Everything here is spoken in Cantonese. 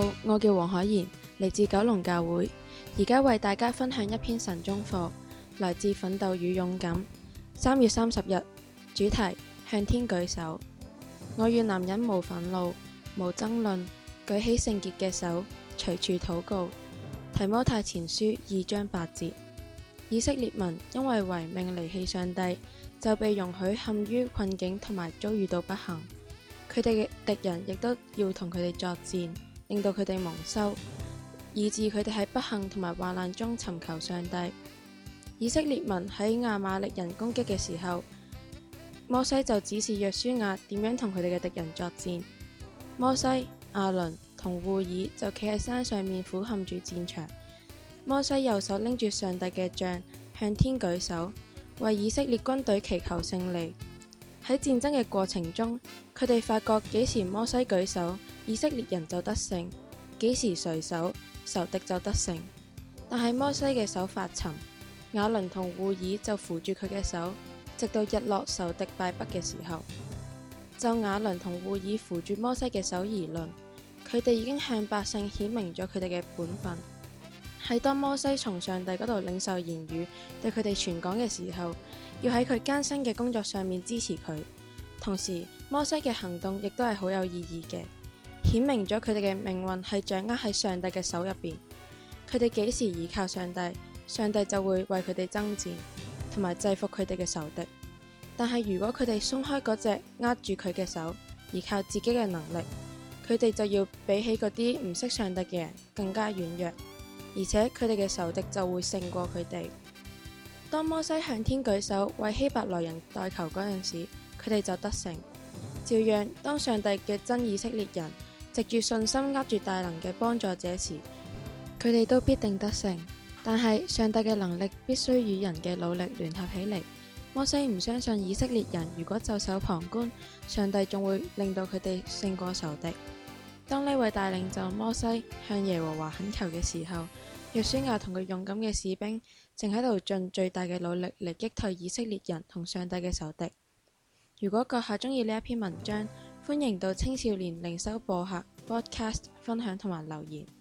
好，我叫黃海賢，嚟自九龍教會，而家為大家分享一篇神中課，來自《奮鬥與勇敢》三月三十日主題向天舉手。我願男人無憤怒，無爭論，舉起聖潔嘅手，隨處禱告。提摩太前書二章八節，以色列民因為違命離棄上帝，就被容許陷於困境，同埋遭遇到不幸。佢哋嘅敵人亦都要同佢哋作戰。令到佢哋蒙羞，以致佢哋喺不幸同埋患難中尋求上帝。以色列民喺亞瑪力人攻擊嘅時候，摩西就指示約書亞點樣同佢哋嘅敵人作戰。摩西、亞倫同戶爾就企喺山上面俯瞰住戰場。摩西右手拎住上帝嘅杖，向天舉手，為以色列軍隊祈求勝利。喺戰爭嘅過程中，佢哋發覺幾時摩西舉手，以色列人就得勝，幾時垂手，仇敵就得勝。但係摩西嘅手發沉，亞倫同戶珥就扶住佢嘅手，直到日落仇敵敗北嘅時候，就亞倫同戶珥扶住摩西嘅手而論。佢哋已經向百姓顯明咗佢哋嘅本分。喺當摩西從上帝嗰度領受言語，對佢哋傳講嘅時候，要喺佢艱辛嘅工作上面支持佢。同時，摩西嘅行動亦都係好有意義嘅。顯明咗佢哋嘅命運係掌握喺上帝嘅手入邊，佢哋幾時倚靠上帝，上帝就會為佢哋爭戰，同埋制服佢哋嘅仇敵。但係如果佢哋鬆開嗰隻握住佢嘅手，而靠自己嘅能力，佢哋就要比起嗰啲唔識上帝嘅人更加軟弱，而且佢哋嘅仇敵就會勝過佢哋。當摩西向天舉手為希伯來人代求嗰陣時，佢哋就得勝。照樣，當上帝嘅真以色列人，藉住信心握住大能嘅幫助者時，佢哋都必定得勝。但係，上帝嘅能力必須與人嘅努力聯合起嚟。摩西唔相信以色列人如果袖手旁觀，上帝仲會令到佢哋勝過仇敵。當呢位大領袖摩西向耶和華懇求嘅時候，約書亞同佢勇敢嘅士兵正喺度盡最大嘅努力嚟擊退以色列人同上帝嘅仇敵。如果閣下鍾意呢一篇文章，歡迎到青少年靈修博客 broadcast 分享同埋留言。